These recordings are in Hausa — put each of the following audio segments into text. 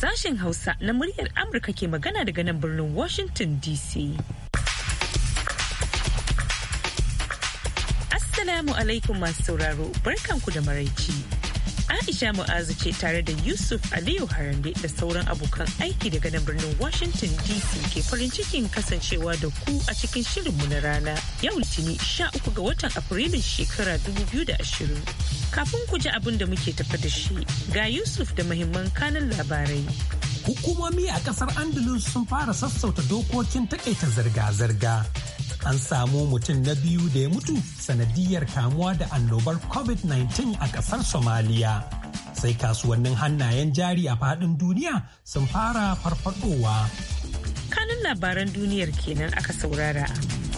sashen Hausa na muryar Amurka ke magana daga nan birnin Washington DC. Assalamu alaikum masu sauraro, barkanku da maraici. Aisha Mu'azu ce tare da Yusuf Aliyu Harambe da sauran abokan aiki daga nan birnin Washington DC ke farin cikin kasancewa da ku a cikin shirinmu na rana yau Litini 13 ga watan Afrilun shekara 2020. Kafin ku ji abin da muke tafa da shi ga Yusuf da mahimman kanan labarai. Hukumomi a kasar Andalus sun fara sassauta dokokin takaita zirga-zirga an samu mutum na biyu da ya mutu sanadiyar kamuwa da annobar covid-19 a kasar somaliya sai kasuwannin hannayen jari a faɗin duniya sun fara farfadowa Kanun labaran duniyar kenan aka saurara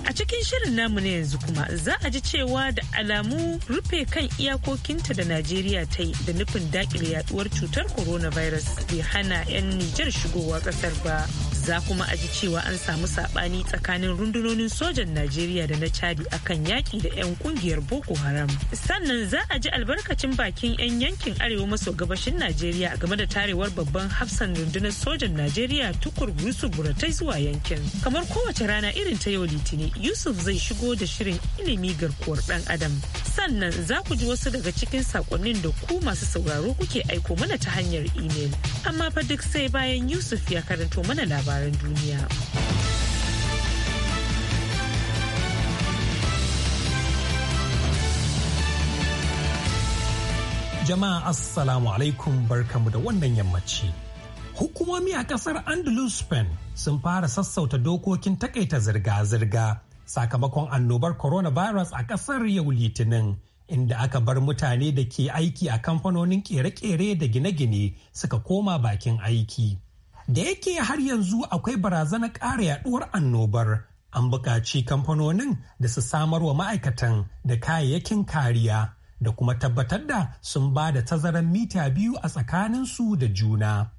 a cikin shirin namu na yanzu kuma za a ji cewa da alamu rufe kan iyakokinta da najeriya ta yi da nufin daƙile yaduwar cutar coronavirus bai hana 'yan nijar shigowa ƙasar ba za kuma aji cewa an samu sabani tsakanin rundunonin sojan najeriya da na chadi akan yaki da 'yan kungiyar boko haram sannan za a ji albarkacin bakin 'yan yankin arewa maso gabashin najeriya game da tarewar babban hafsan rundunar sojan najeriya tukur yusuf buratai zuwa yankin kamar kowace rana irin ta yau Litini. yusuf zai shigo da shirin ilimi garkuwar dan adam sannan za ku ji wasu daga cikin sakonnin da ku masu sauraro kuke aiko mana ta hanyar imel amma fa duk sai bayan yusuf ya karanto mana labarai labaran duniya. Jama'a Assalamu alaikum barkamu da wannan yammaci. Hukumomi a kasar Andalus Spain sun fara sassauta dokokin takaita zirga-zirga sakamakon annobar coronavirus a kasar yau litinin. inda aka bar mutane da ke aiki a kamfanonin kere-kere da gine-gine suka koma bakin aiki. da yake har yanzu akwai barazanar ƙara yaduwar annobar an buƙaci kamfanonin da su samar wa ma'aikatan da kayayyakin kariya da kuma tabbatar da sun ba da tazarar mita biyu a tsakaninsu da juna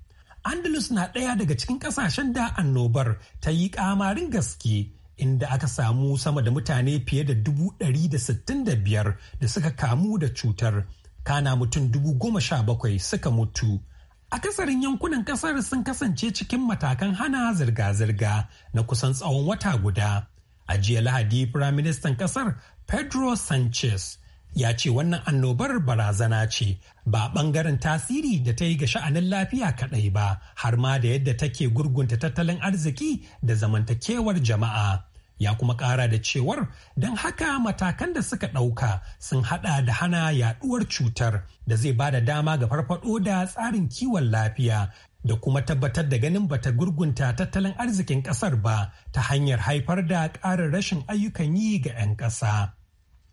andalus na ɗaya daga cikin ƙasashen da annobar ta yi ƙamarin gaske inda aka samu sama da mutane fiye da dubu ɗari da sittin da biyar da suka kamu da cutar kana mutum dubu goma sha bakwai suka mutu Akasarin yankunan kasar sun kasance cikin matakan hana zirga-zirga na kusan tsawon wata guda. A jiya Lahadi, Firaministan kasar Pedro Sanchez ya ce wannan annobar barazana ce ba bangaren tasiri da ta yi ga sha'anin lafiya kaɗai ba har ma da yadda take gurgunta tattalin arziki da zamantakewar jama'a. ya kuma ƙara da cewar don haka matakan da suka ɗauka sun haɗa da hana yaɗuwar cutar da zai ba da dama ga farfaɗo da tsarin kiwon lafiya da kuma tabbatar da ganin bata gurgunta tattalin arzikin ƙasar ba ta hanyar haifar da ƙarin rashin ayyukan yi ga 'yan ƙasa.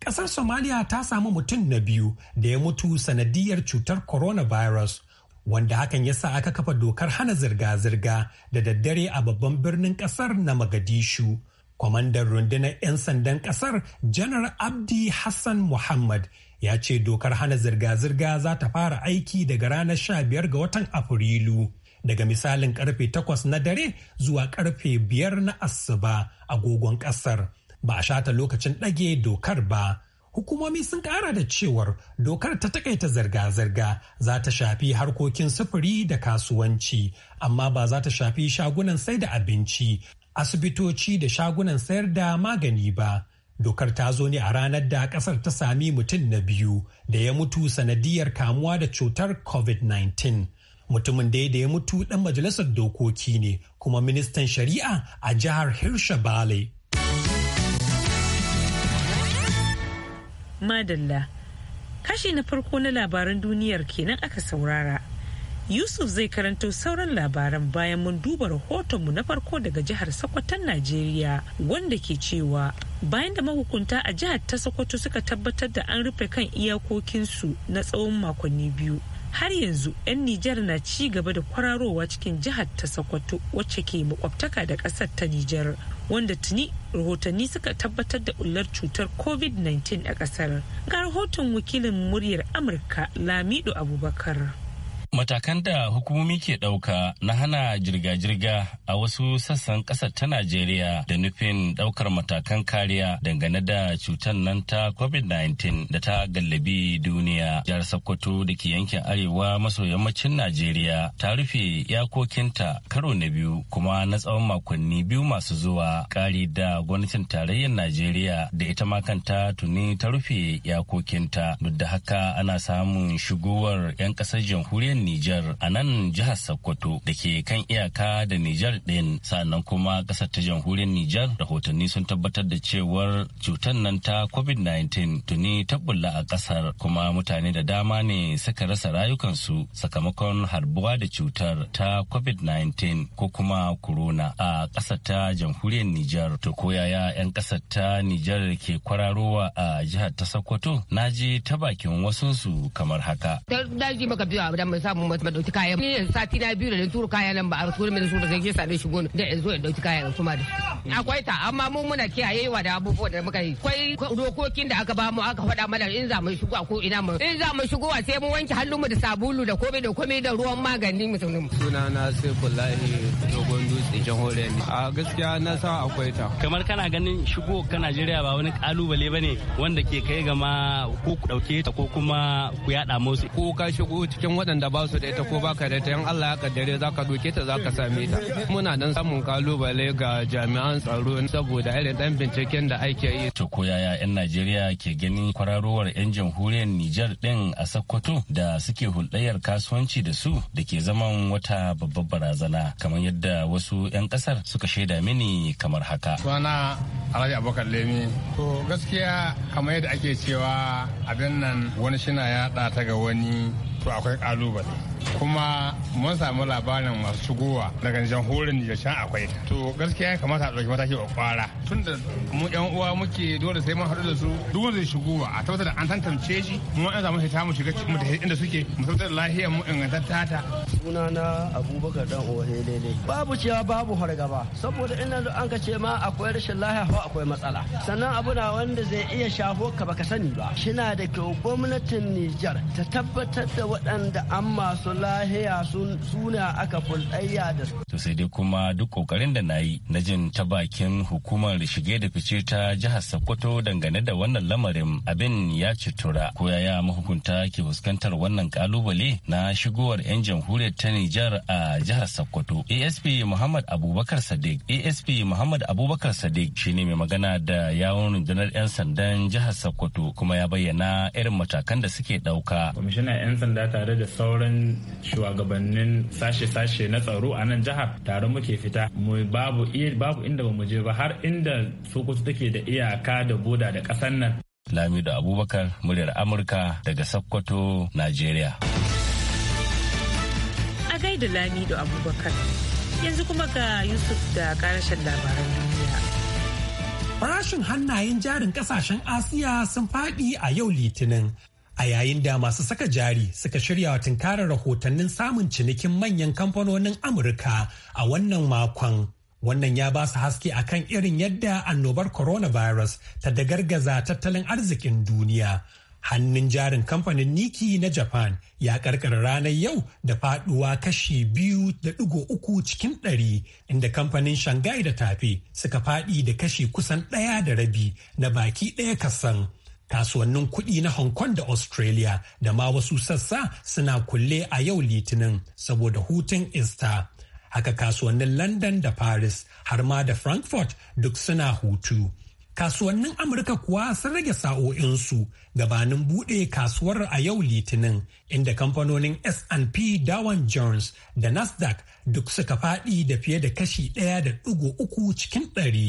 Ƙasar Somaliya ta samu mutum na biyu da ya mutu sanadiyar cutar coronavirus. wanda hakan ya sa aka kafa dokar hana zirga-zirga da daddare a babban birnin ƙasar na Magadishu kwamandan rundunar 'yan sandan kasar janar abdi hassan muhammad ya ce dokar hana zirga-zirga za ta fara aiki daga ranar 15 ga watan afrilu daga misalin karfe 8 na dare zuwa karfe 5 na asuba agogon kasar ba a shata lokacin ɗage dokar ba hukumomi sun kara da cewar dokar ta takaita zirga-zirga za ta shafi harkokin sufuri da kasuwanci amma ba za ta shafi shagunan sai da abinci asibitoci da shagunan sayar da magani ba. Dokar ta zo ne a ranar da kasar ta sami mutum na biyu da ya mutu sanadiyar kamuwa da cutar COVID-19. Mutumin da ya mutu ɗan majalisar dokoki ne kuma ministan shari'a a jihar Hirsha Bale. Madalla, kashi na farko na labaran duniyar kenan aka saurara. Yusuf zai karanto sauran labaran bayan mun duba rahotonmu na farko daga jihar Sokoton Najeriya wanda ke cewa bayan da mahukunta a jihar ta Sokoto suka tabbatar da an rufe kan iyakokinsu na tsawon makonni biyu. Har yanzu 'yan Nijar na ci gaba da kwararowa cikin jihar ta Sokoto wacce ke makwabtaka da ƙasar ta Nijar wanda tuni rahotanni suka tabbatar da ullar cutar COVID-19 a ƙasar. Ga rahoton wakilin muryar Amurka Lamido Abubakar. Matakan da hukumomi ke ɗauka na hana jirga-jirga a wasu sassan ƙasar ta Najeriya da nufin ɗaukar matakan kariya dangane da cutar nan ta COVID-19 da ta gallabi duniya. Jihar Sokoto da ke yankin arewa maso yammacin Najeriya ta rufe iyakokinta karo na biyu kuma na tsawon makonni biyu masu zuwa ƙari da gwamnatin tarayyar Najeriya da ita ma kanta tuni ta rufe iyakokinta. Duk da haka ana samun shigowar 'yan ƙasar jamhuriyar Nijar a nan jihar Sokoto da ke kan iyaka da Nijar ɗin sannan kuma ƙasar ta jamhuriyar Nijar rahotanni sun tabbatar da cewar cutar nan ta COVID-19 tuni ta bulla a ƙasar kuma mutane da dama ne suka rasa rayukansu sakamakon harbuwa da cutar ta COVID-19 ko kuma corona a ƙasar ta jamhuriyar Nijar to koyaya 'yan ƙasar ta Nijar ke kwararowa a jihar ta Sokoto na ji ta bakin wasunsu kamar haka. Daji maka biyu a samu ba dauki kaya ni yanzu sati na biyu da na tura kaya nan ba a rasu mai tura sai ke same shi gona da yanzu in dauki kaya kuma da akwai ta amma mu muna kiyayewa da abubuwan da muka yi akwai dokokin da aka ba mu aka faɗa mana in za mu shigo a ko ina mu in za mu shigo a sai mu wanke hannunmu da sabulu da komai da komai da ruwan magani mu tunin suna na sai kullahi dogon dutse jahore ne a gaskiya na sa akwai ta kamar kana ganin shigo ka Najeriya ba wani kalubale bane wanda ke kai ga ma ku dauke ta ko kuma ku yada musu ko ka shigo cikin waɗanda ba ba su da ita ko baka da ita yan Allah ya kaddare za ka doke ta za ka same ta muna nan samun kalubale ga jami'an tsaro saboda irin dan binciken da ake yi to ko yaya yan Najeriya ke ganin kwararowar yan jamhuriyar Nijar din a Sokoto da suke hulɗayar kasuwanci da su da ke zaman wata babbar barazana kamar yadda wasu yan kasar suka shaida mini kamar haka suna Alhaji Abubakar Lemi to gaskiya kamar yadda ake cewa abin nan wani shina ya ta ga wani to akwai kalubale kuma mun samu labarin masu shigowa daga jamhuriyar da can akwai. To gaskiya ya kamata a ɗauki mataki a kwara. Tun da mu ƴan uwa muke dole sai mun haɗu da su duk wanda zai shigowa a tabbatar da an tantance shi mu an samu hita mu shiga cikin mutane inda suke mu tabbatar da lafiyar mu ingantatta ta. Suna na Abubakar dan Ohe ne Babu cewa babu hargaba saboda ina da an ka ce ma akwai rashin lafiya ko akwai matsala. Sannan abu na wanda zai iya shafo ka baka sani ba. Shina da kyau gwamnatin Nijar ta tabbatar da waɗanda an masu masu lahiya su aka fulɗayya da su. To sai dai kuma duk kokarin da na yi na jin ta bakin hukumar shige da fice ta jihar Sokoto dangane da wannan lamarin abin ya citura ko yaya mahukunta ke fuskantar wannan kalubale na shigowar 'yan jamhuriyar ta Nijar a jihar Sokoto. ASP Muhammad Abubakar Sadiq ASP Muhammad Abubakar Sadiq shine mai magana da yawon rundunar 'yan sandan jihar Sokoto kuma ya bayyana irin matakan da suke ɗauka. Kwamishinan 'yan sanda tare da sauran shugabannin sashe-sashe na tsaro a nan jihar tare muke fita mu babu babu inda ba mu je ba har inda sokoto take da iyaka da boda da kasan nan lamido abubakar muryar amurka daga sokoto nigeria a gaida lamido abubakar yanzu kuma ga yusuf da karashen labaran duniya farashin hannayen jarin ƙasashen asiya sun faɗi a yau litinin a yayin da masu saka jari suka shirya wa tunkarar rahotannin samun cinikin manyan kamfanonin amurka a wannan makon wannan ya ba su haske akan irin yadda annobar coronavirus ta dagargaza tattalin arzikin duniya hannun jarin kamfanin niki na japan ya karkara ranar yau da faduwa kashi biyu da digo uku cikin ɗari inda kamfanin shanghai da tafe suka fadi da kashi kusan ɗaya da rabi na baki ɗaya kasan kasuwannin kuɗi na Hong Kong da Australia da ma wasu sassa suna kulle a yau litinin saboda hutun Easter. Haka kasuwannin London da Paris har ma da Frankfurt duk suna hutu. Kasuwannin Amurka kuwa sun rage sa'o'insu gabanin buɗe kasuwar a yau litinin inda kamfanonin S&P Dow Jones da Nasdaq duk suka faɗi da fiye da kashi ɗaya da ɗigo uku cikin ɗari.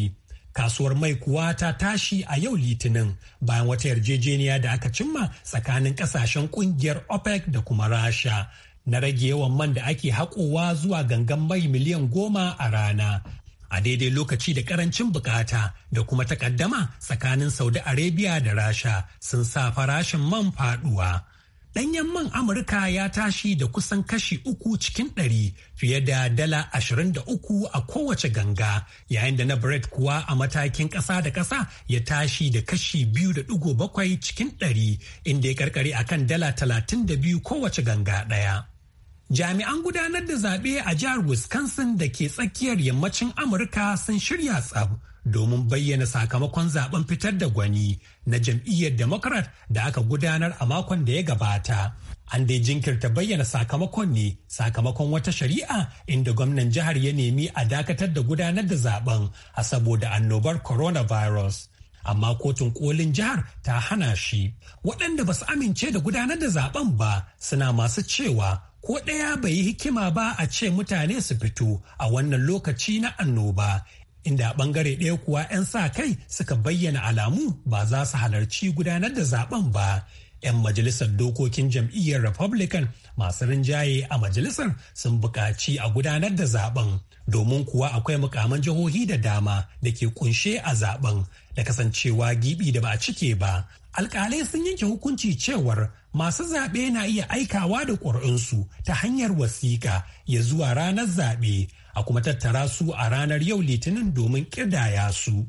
kasuwar mai kuwa ta tashi a yau litinin bayan wata yarjejeniya da aka cimma tsakanin kasashen kungiyar opec da kuma rasha na rage yawan man da ake haƙowa zuwa gangan mai miliyan goma a rana a daidai lokaci da karancin bukata da kuma takaddama tsakanin saudi arabia da rasha sun sa farashin man faduwa Ɗanyen man Amurka ya tashi da kusan kashi uku cikin ɗari fiye da dala ashirin da uku a kowace ganga yayin da na bread kuwa a matakin ƙasa da ƙasa ya tashi da kashi biyu da ɗigo bakwai cikin ɗari inda ya karkare kan dala talatin da biyu kowace ganga ɗaya. Jami'an gudanar da zaɓe a jihar Wisconsin da ke tsakiyar yammacin Amurka sun shirya tsab domin bayyana sakamakon zaben fitar da gwani na jam'iyyar democrat da aka gudanar a makon da ya gabata an dai jinkirta bayyana sakamakon ne sakamakon wata shari'a inda gwamnan jihar ya nemi a dakatar da gudanar da zaben a saboda annobar coronavirus amma kotun kolin jihar ta hana shi waɗanda ba su amince da gudanar da zaben ba suna masu cewa ko ɗaya bai yi hikima ba a ce mutane su fito a wannan lokaci na annoba inda bangare ɗaya kuwa 'yan sa kai suka bayyana alamu ba za su halarci gudanar da zaben ba 'yan majalisar dokokin jam'iyyar republican masu rinjaye a majalisar sun buƙaci a gudanar da zaben domin kuwa akwai mukaman jihohi da dama da ke kunshe a zaben da kasancewa gibi da ba a cike ba Alƙalai sun yanke hukunci cewar masu zaɓe na iya aikawa da ƙuri'unsu ta hanyar wasiƙa ya zuwa ranar zaɓe a kuma tattara su a ranar yau litinin domin ƙidaya su.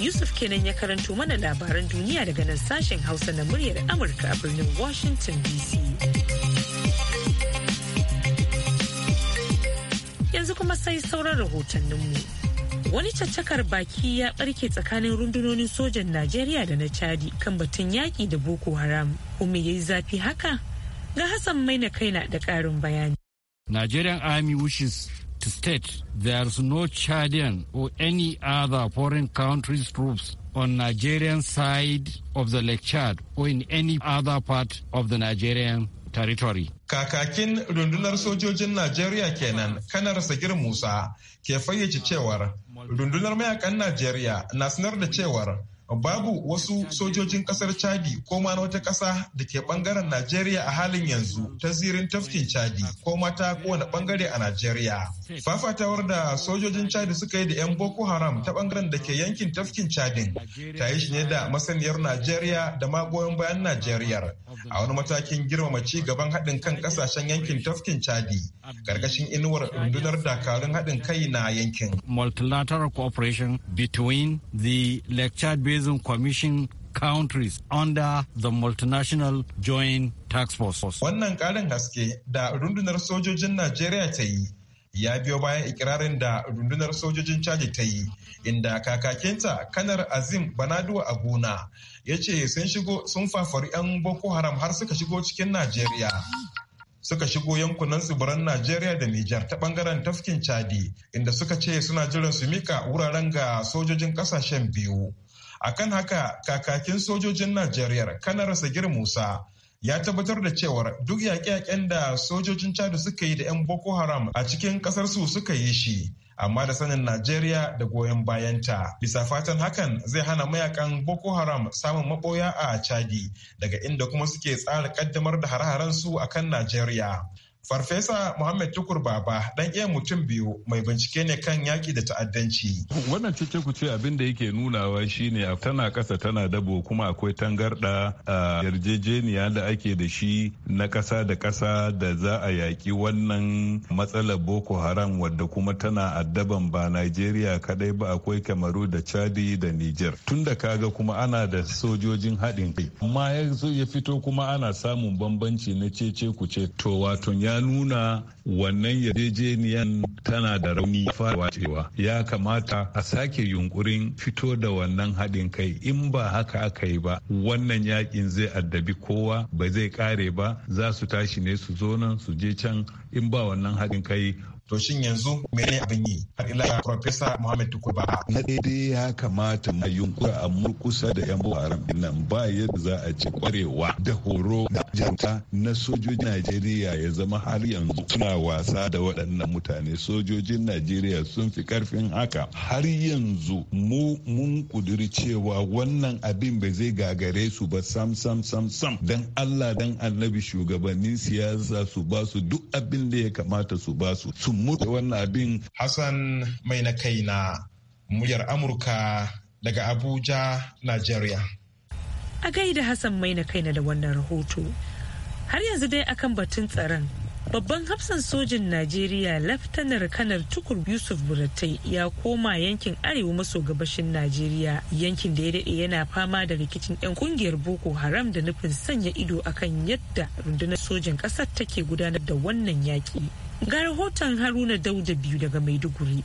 Yusuf kenan ya karanto mana labaran duniya daga nan sashen Hausa na muryar Amurka a birnin Washington DC. Yanzu kuma sai sauran rahotanninmu. wani caccakar baki ya barke tsakanin rundunonin sojan najeriya da na chadi kan batun yaƙi da boko haram kuma ya yi zafi haka ga hassan maina na da karin bayani nigerian army wishes to state there is no chadian or any other foreign countries troops on nigerian side of the lake chad or in any other part of the nigerian territory. Kakakin rundunar sojojin Najeriya kenan kanar Sagir Musa ke fayyace cewar Rundunar mayakan Najeriya na sanar da cewar babu wasu sojojin kasar chadi ko ma wata kasa da ke bangaren najeriya a halin yanzu ta zirin tafkin chadi ko mata kowane bangare a najeriya fafatawar da sojojin chadi suka yi da 'yan boko haram ta bangaren da ke yankin tafkin chadin ta yi shi ne da masaniyar najeriya da magoyan bayan najeriya a wani matakin girmama ci gaban haɗin kan ƙasashen yankin tafkin chadi ƙarƙashin inuwar rundunar dakarun haɗin kai na yankin multilateral cooperation between the lecture Tourism commission countries under the multinational joint tax force. Wannan ƙarin haske da rundunar sojojin Najeriya ta yi ya biyo bayan ikirarin da rundunar sojojin caji ta yi inda kakakinta kanar azim banaduwa a gona ya ce sun shigo sun fafari 'yan boko haram har suka shigo cikin najeriya suka shigo yankunan tsibiran najeriya da nijar ta bangaren tafkin chadi inda suka ce suna jiran su mika wuraren ga sojojin kasashen biyu akan haka kakakin sojojin najeriya kanar sagir musa ya tabbatar da cewar duk yaƙe-yaƙen da sojojin chad suka yi da 'yan boko haram a cikin ƙasar su suka yi shi amma da sanin najeriya da goyon bayanta bisa fatan hakan zai hana mayakan boko haram samun maboya a chadi daga inda kuma suke tsara kaddamar da hare-haren su kan najeriya Farfesa Muhammad Tukur Baba dan iya mutum biyu mai bincike ne kan yaki da ta'addanci. Wannan cece ku ce abin da yake nunawa shine tana kasa tana dabo kuma akwai tangarda a yarjejeniya da ake da shi na kasa da kasa da za a yaki wannan matsalar Boko Haram wadda kuma tana addaban ba Najeriya kadai ba akwai Kamaru da Chadi da Niger. Tun da kaga kuma ana da sojojin haɗin kai. Amma ya fito kuma ana samun bambanci na cece ku ce to wato ya nuna wannan yarjejeniyan tana da rauni farawa cewa ya kamata a sake yunkurin fito da wannan haɗin kai in ba haka aka yi ba wannan yakin zai addabi kowa ba zai kare ba za su tashi ne su zo nan su je can in ba wannan haɗin kai to shin yanzu mene abin yi har ila professor Muhammad Tukuba na daidai ya kamata a yunkura a murkusa da yan Boko nan ba yadda za a ci kwarewa da horo da janta na sojojin Najeriya ya zama har yanzu suna wasa da waɗannan mutane sojojin Najeriya sun fi karfin haka har yanzu mu mun kuduri cewa wannan abin bai zai gagare su ba sam sam sam sam dan Allah dan annabi shugabannin siyasa su ba su duk abin da ya kamata su ba su sun mutu wannan abin. Hassan mai na kai na muryar Amurka daga Abuja, Najeriya. A gaida Hassan mai na kai na da wannan rahoto. Har yanzu dai akan batun tsaron. Babban hafsan sojin Najeriya Laftanar Kanar Tukur Yusuf Buratai ya koma yankin arewa maso gabashin Najeriya yankin da ya daɗe yana fama da rikicin 'yan kungiyar Boko Haram da nufin sanya ido akan yadda rundunar sojin ƙasar take gudanar da wannan yaƙi. Ga rahoton Haruna Dauda biyu daga Maiduguri.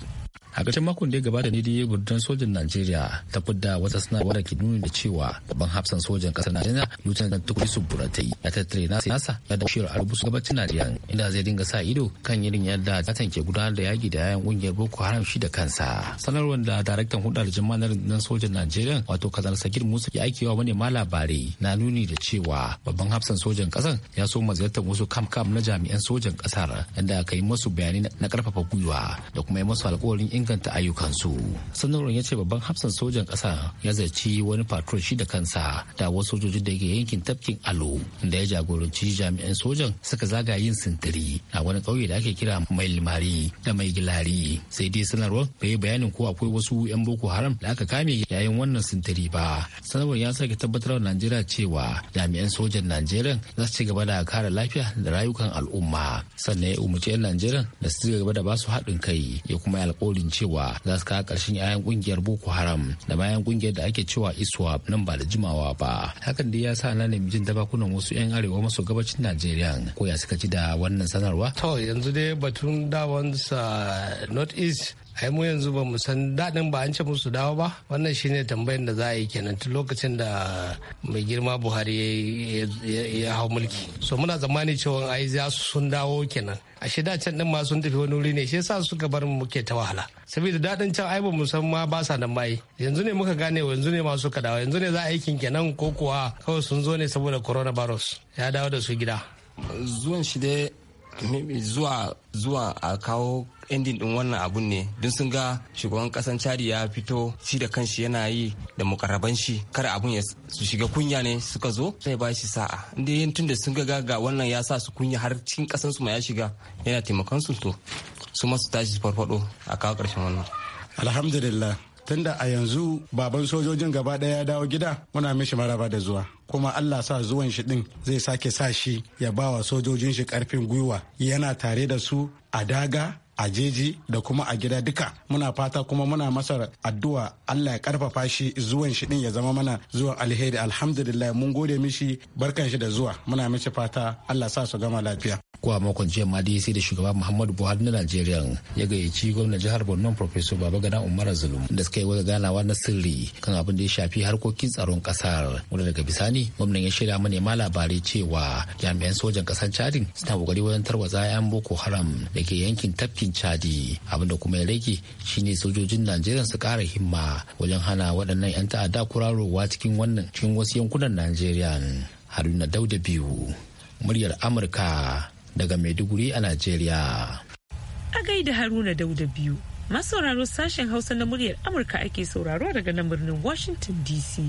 a ƙarshen makon da ya gabata ne dai burdan sojan najeriya ta fidda wata suna da ke nuni da cewa babban hafsan sojan ƙasar najeriya subura tukuri yi. ya tattare siyasa ya da shirar su gabacin najeriya inda zai dinga sa ido kan irin yadda jatan ke gudanar da yaki da yayan ƙungiyar boko haram shi da kansa sanarwar da daraktan hudar jama'a na sojan najeriya wato kazan sakir musa ya aikewa ma labarai na nuni da cewa babban hafsan sojan kasar. ya so ma ziyartar wasu kam kam na jami'an sojan kasar. inda aka yi masu bayanai na ƙarfafa gwiwa da kuma yi masu alƙawarin inganta ayyukansu sanarwar ya ce babban hafsan sojan ƙasa ya zarci wani patrol shi da kansa da wasu sojoji da ke yankin tafkin alo da ya jagoranci jami'an sojan suka zaga yin sintiri a wani kauye da ake kira mai limari da mai gilari sai dai sanarwar bai bayanin ko akwai wasu 'yan boko haram da aka kame yayin wannan sintiri ba sanarwar ya sake tabbatar wa najeriya cewa jami'an sojan najeriya za su ci gaba da kare lafiya da rayukan al'umma sannan ya umarci 'yan najeriya da su ci gaba da ba su haɗin kai ya kuma alƙawarin cewa za su kawo ƙarshen 'ya'yan ƙungiyar boko haram da bayan ƙungiyar da ake cewa iswa nan ba da jimawa ba hakan dai ya sa na nemi jin dabakunan wasu 'yan arewa maso gabacin najeriya ko ya suka ji da wannan sanarwa to yanzu dai batun sa north east ai mu yanzu ba mu san daɗin ba an ce musu dawo ba wannan shine tambayin da za a yi kenan tun lokacin da mai girma buhari ya hau mulki so muna zamani cewa ai za su sun dawo kenan a shida can din ma sun tafi wani wuri ne shi yasa suka bar mu muke ta wahala saboda daɗin can ai ba mu san ma ba sa nan mai yanzu ne muka gane yanzu ne ma suka dawo yanzu ne za a aikin kenan ko kuwa kawai sun zo ne saboda coronavirus ya dawo da su gida zuwan shi dai zuwa zuwa a kawo endin din wannan abun ne don sun ga shugaban kasan chadi ya fito shi da kanshi yana yi da mukarraban shi kar abun ya su shiga kunya ne suka zo sai ba shi sa'a inda yin tunda sun ga ga wannan ya sa su kunya har cikin kasan su ma ya shiga yana taimakon su to su ma su tashi farfado a kawo karshen wannan alhamdulillah tunda a yanzu baban sojojin gaba daya ya dawo gida muna mishi maraba da zuwa kuma allah sa zuwan shi din zai sake sa shi ya bawa wa sojojin shi karfin gwiwa yana tare da su a daga a jeji da kuma a gida duka muna fata kuma muna masa addu'a Allah ya karfafa shi zuwan shi din ya zama mana zuwan alheri alhamdulillah mun gode mishi barkan shi da zuwa muna mishi fata Allah sa su gama lafiya kuwa makon jiya ma dai sai da shugaban Muhammadu Buhari na Najeriya ya gayyaci gwamnan jihar Borno Professor Babagana Umar Zulum da suka yi wata ganawa na sirri kan abin da ya shafi harkokin tsaron kasar wanda daga bisani gwamnan ya shirya manema labarai cewa jami'an sojan kasar Chadin suna kokari wajen tarwatsa 'yan Boko Haram da ke yankin tafkin yankin chadi abinda kuma ya rage shine sojojin najeriya su kara himma wajen hana waɗannan 'yan ta'adda kurarowa cikin wannan cikin wasu yankunan najeriya haruna dauda biyu muryar amurka daga maiduguri a najeriya a gaida haruna dauda biyu masu sauraro sashen hausa na muryar amurka ake sauraro daga nan birnin washington dc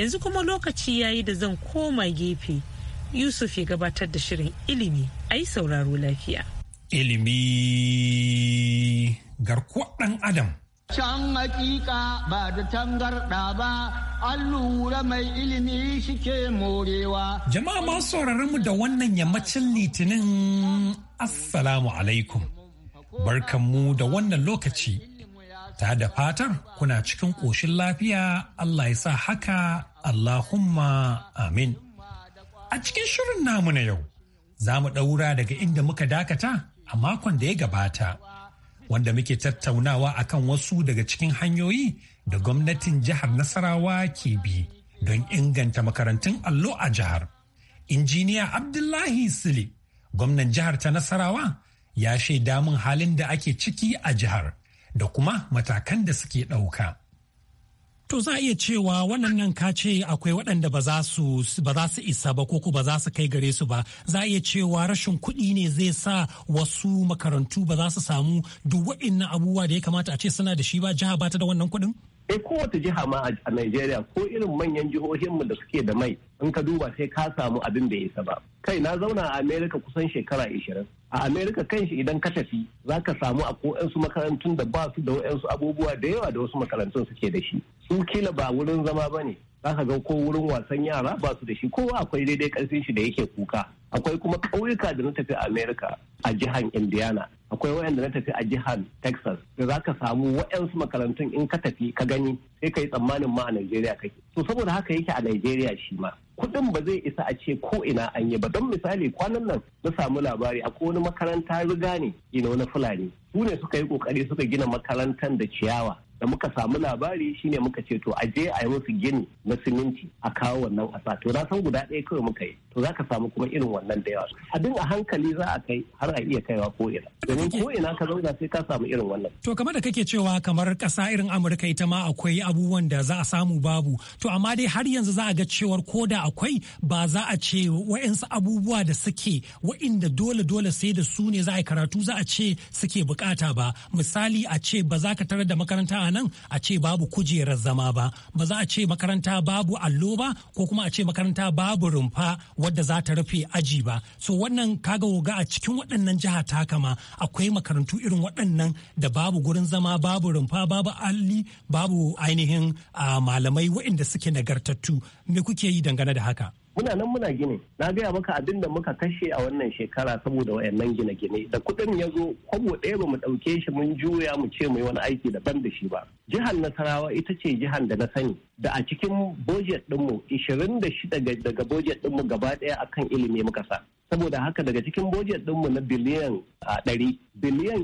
yanzu kuma lokaci yayi da zan koma gefe yusuf ya gabatar da shirin ilimi a yi sauraro lafiya ilimi garkuwar ɗan adam Can hakika ba da tangarɗa ba, an lura mai ilimi shike morewa. Jama'a ma sauraron mu da wannan yammacin litinin Assalamu alaikum. Barkanmu da wannan lokaci ta da fatar kuna cikin ƙoshin lafiya Allah ya sa haka Allahumma amin. A cikin shirin namu na yau, za mu ɗaura daga inda muka dakata a makon da ya gabata, wanda muke tattaunawa a kan wasu daga cikin hanyoyi da gwamnatin jihar Nasarawa ke bi don inganta makarantun allo a jihar. Injiniya Abdullahi Sili, gwamnan jihar ta Nasarawa, ya shaida min halin da ake ciki a jihar. da kuma matakan da suke ɗauka. To za a iya cewa wannan nan ka ce akwai waɗanda ba za su isa ba ko ba za su kai gare su ba za a iya cewa rashin kuɗi ne zai sa wasu makarantu ba za su samu duk waɗannan abubuwa da ya kamata a ce suna da shi ba jiha ba ta da wannan kuɗin? Eh kowace jiha ma a Najeriya ko irin manyan jihohin mu da suke da mai in ka duba sai ka samu abin da ya isa ba. Kai na zauna a Amerika kusan shekara ishirin a america kanshi idan ka tafi za ka samu a ko'yansu makarantun da ba su da wa'yansu abubuwa da yawa da wasu makarantun suke da shi su kila ba wurin zama ba ne za ka ga ko wurin wasan yara ba su da shi kowa akwai daidai karfin shi da yake kuka akwai kuma ƙauyuka da na tafi america a jihar indiana akwai wayanda na tafi a jihar texas da za ka samu wayansu makarantun in ka tafi ka gani sai ka yi tsammanin ma a nigeria kake to saboda haka yake a nigeria shi ma kuɗin ba zai isa a ce ko ina an yi ba don misali kwanan nan na samu labari akwai wani makaranta riga ne ina na fulani su ne suka yi kokari suka gina makarantar da ciyawa da muka samu labari shine muka ce to aje a yi musu gini na siminti a kawo wannan ƙasa to na san guda ɗaya kawai muka yi to za ka samu kuma irin wannan da yawa din a hankali za a kai har a iya kaiwa ko ina domin ko ina ka zauna sai ka samu irin wannan to kamar da kake cewa kamar kasa irin Amurka ita ma akwai abubuwan da za a samu babu to amma dai har yanzu za a ga cewar ko da akwai ba za a ce wa'insu abubuwa da suke wa'inda dole dole sai da su ne za a yi karatu za a ce suke bukata ba misali a ce ba za ka tarar da makaranta a nan a ce babu kujerar zama ba ba za a ce makaranta babu allo ba ko kuma a ce makaranta babu rumfa wadda za ta rufe aji ba so wannan kaga woga a cikin waɗannan jiha ta kama akwai makarantu irin waɗannan da babu gurin zama babu rumfa babu alli babu ainihin ah, malamai waɗanda suke nagartattu me kuke yi dangane da haka muna nan muna gini na gaya maka abin da muka kashe a wannan shekara saboda wayannan gine-gine da kuɗin ya zo kwabo ɗaya ba mu ɗauke shi mun juya mu ce mu wani aiki daban da shi ba jihar nasarawa ita ce jihar da na sani da a cikin bojet ɗinmu 26 daga bojet ɗinmu gaba ɗaya a kan ilimi muka sa saboda haka daga cikin bojet ɗinmu na biliyan a ɗari biliyan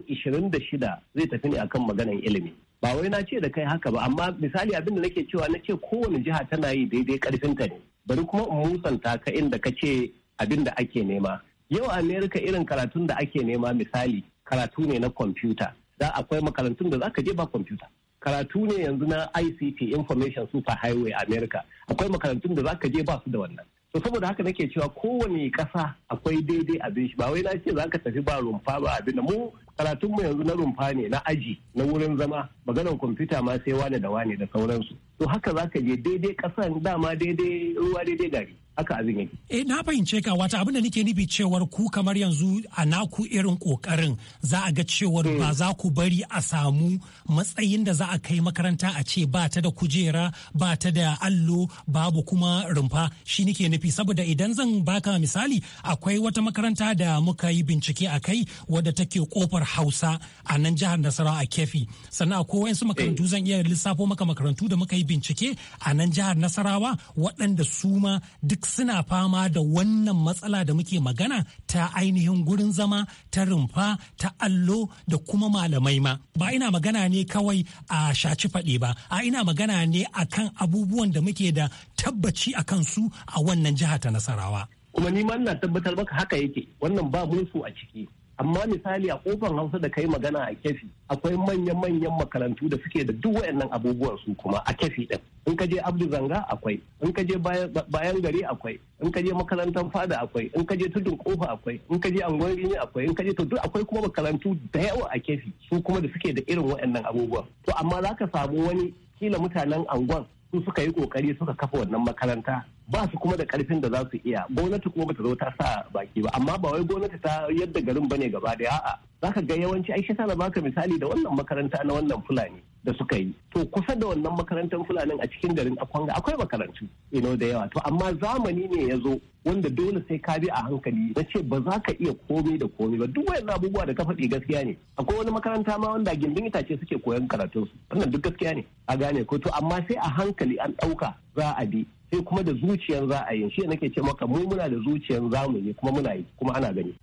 shida zai tafi ne akan maganan ilimi ba wai na ce da kai haka ba amma misali abin da nake cewa na ce kowane jiha tana yi daidai karfinta ne bari kuma in musanta ka inda ka ce abin da ake nema yau a amerika irin karatun da ake nema misali karatu ne na kwamfuta da akwai makarantun da zaka je ba kwamfuta karatu ne yanzu na ict information super highway america akwai makarantun da zaka je ba su da wannan to saboda haka nake cewa kowane ƙasa akwai daidai abin shi ba wai na ce za ka tafi ba rumfa ba abin da mu karatunmu yanzu na rumfa ne na aji na wurin zama maganar kwamfuta ma sai wane da wane da sauransu to haka zaka je daidai ƙasan dama daidai ruwa daidai gari haka abin yake. Eh na fahimce ka wata abin da nake nufi cewar ku kamar yanzu a naku irin kokarin za a ga cewar hmm. ba za ku bari a samu matsayin da za a kai makaranta a ce ba ta da kujera ba ta da allo babu kuma rumfa shi nake nufi saboda idan zan baka misali akwai wata makaranta da muka yi bincike a kai wadda take kofar Hausa a nan jihar Nasarawa a Kefi sannan akwai wayansu hmm. makarantu zan iya lissafo maka makarantu da muka yi bincike a nan jihar Nasarawa waɗanda su ma duk suna fama da wannan matsala da muke magana ta ainihin gurin zama ta rumfa ta allo da kuma malamai ma ba ina magana ne kawai a shaci faɗi ba a ina magana ne akan abubuwan da muke da tabbaci a kansu a wannan jiha ta nasarawa kuma ni ma ina tabbatar maka haka yake wannan ba mulku a ciki amma misali a kofar hausa da kai magana a kefi akwai manya-manyan makarantu da suke da duk wayannan abubuwan su kuma a kefi din in ka je abdu zanga akwai in ka je bayan gari akwai in ka je makarantar fada akwai in ka je tudun kofa akwai in ka je angon rini akwai in ka je to duk akwai kuma makarantu da yawa a kefi su kuma da suke da irin wayannan abubuwan to amma za ka samu wani kila mutanen angon su suka yi kokari suka kafa wannan makaranta ba su kuma da karfin da za su iya gwamnati kuma bata zo ta sa baki ba amma ba wai gwamnati ta yadda garin bane gaba da a'a zaka ga yawanci aisha sana baka misali da wannan makaranta na wannan fulani da suka yi to kusa da wannan makarantar fulanin a cikin garin akwanga akwai makarantu ino da yawa to amma zamani ne ya zo wanda dole sai ka bi a hankali na ce ba za ka iya komai da komai ba duk wayan abubuwa da ka faɗi gaskiya ne akwai wani makaranta ma wanda gindin itace suke koyan karatun su wannan duk gaskiya ne a gane ko to amma sai a hankali an ɗauka za a bi sai kuma da zuciyar za a yi shi nake ce maka mu muna da zuciyar zamu kuma muna yi kuma ana gani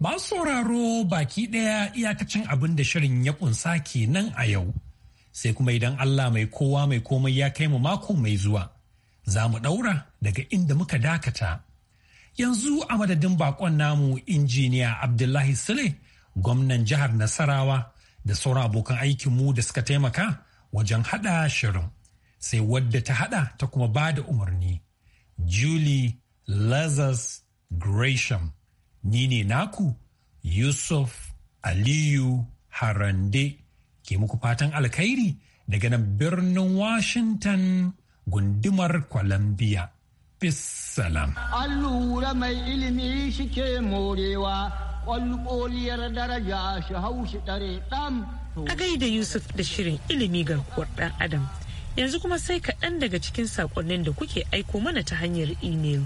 Masu sauraro baki ɗaya iyakacin abin da shirin ya kunsa kenan a yau sai kuma idan Allah mai kowa mai komai ya kai mu mako mai zuwa za mu ɗaura daga inda muka dakata. Yanzu a madadin bakon namu injiniya Abdullahi Sule gwamnan jihar Nasarawa da sauran abokan aikinmu da suka taimaka wajen haɗa shirin. Sai wadda ta haɗa ta kuma ba da umarni. Julie Lazarus Gresham, ni ne naku Yusuf Aliyu Harande. ke muku fatan alkhairi daga nan birnin Washington gundumar Columbia. Bissalam. Allura mai ilimi shi ke morewa, ƙwalƙoliyar daraja shi haushi ɗare ɗan. A gaida Yusuf da shirin ilimi ga ɗan Adam. Yanzu kuma sai kaɗan daga cikin saƙonnin da kuke aiko mana ta hanyar imel.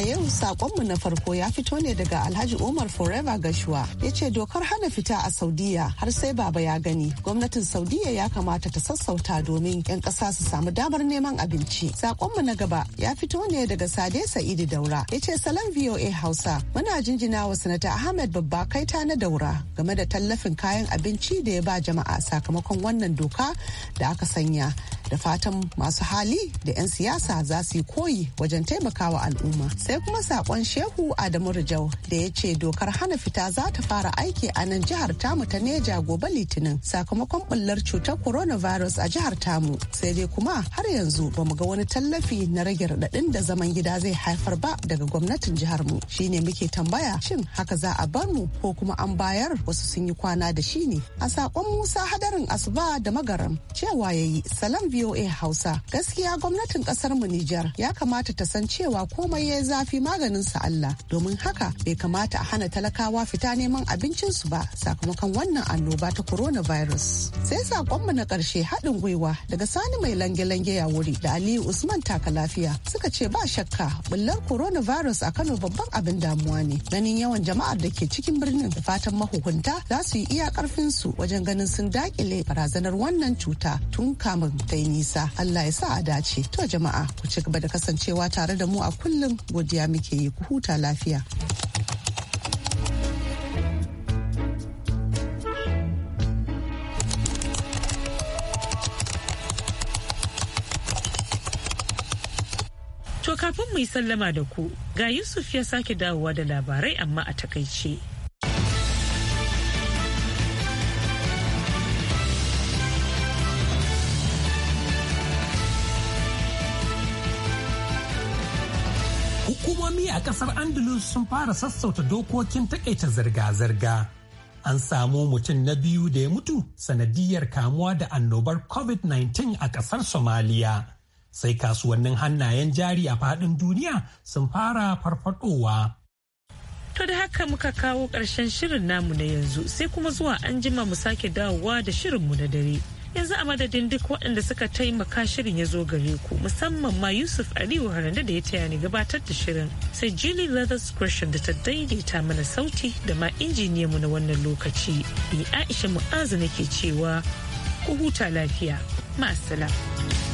A yau sakonmu na farko ya fito ne daga Alhaji Umar Forever gashua ya ce dokar hana fita a Saudiya har sai baba ya gani. Gwamnatin Saudiya ya kamata ta sassauta domin 'yan ƙasa su samu damar neman abinci. saƙonmu na gaba ya fito ne daga Sade Sa'idu Daura ya ce salon VOA Hausa muna jinjina wa sanata Ahmed Babba Kaita na Daura game da tallafin kayan abinci da ya ba jama'a sakamakon wannan doka da aka sanya. Da fatan masu hali da 'yan siyasa za su yi koyi wajen taimakawa al'umma. sai kuma sakon shehu adamu rijau da ya ce dokar hana fita za ta fara aiki a nan jihar tamu ta neja gobe litinin sakamakon bullar cutar coronavirus a jihar tamu sai dai kuma har yanzu ba mu ga wani tallafi na rage raɗaɗin da zaman gida zai haifar ba daga gwamnatin jihar mu shine muke tambaya shin haka za a bar mu ko kuma an bayar wasu sun yi kwana da shi ne a sakon musa hadarin asuba da magaram cewa yayi salam voa hausa gaskiya gwamnatin kasar mu nijar ya kamata ta san cewa komai ya fi maganin su Allah domin haka bai kamata a hana talakawa fita neman abincin su ba sakamakon wannan annoba ta coronavirus. Sai sakonmu na ƙarshe haɗin gwiwa daga sani mai lange-lange ya wuri da Aliyu Usman taka lafiya suka ce ba shakka bullar coronavirus a Kano babban abin damuwa ne ganin yawan jama'ar da ke cikin birnin da fatan mahukunta za su yi iya ƙarfinsu wajen ganin sun daƙile barazanar wannan cuta tun kamun ta yi nisa. Allah ya sa a dace. To jama'a ku ci gaba da kasancewa tare da mu a kullum. godiya muke yi ku huta lafiya. To kafin mu yi sallama da ku ga Yusuf ya sake dawowa da labarai amma a takaice. sojoji sun fara sassauta dokokin takaita zirga-zirga. An samu mutum na biyu da ya mutu sanadiyar kamuwa da annobar COVID-19 a ƙasar Somaliya. Sai kasuwannin hannayen jari a faɗin duniya sun fara farfadowa. To da haka muka kawo ƙarshen shirin namu na yanzu sai kuma zuwa an jima mu sake dawowa da shirinmu na dare. yanzu a madadin duk waɗanda suka taimaka shirin ya zo gare ku musamman ma yusuf aliyu haranda da ya taya ni gabatar da shirin sai julie leathers christian da ta daidaita mana sauti da ma mu na wannan lokaci ni aisha mu'azu nake cewa ku huta lafiya ma'asala.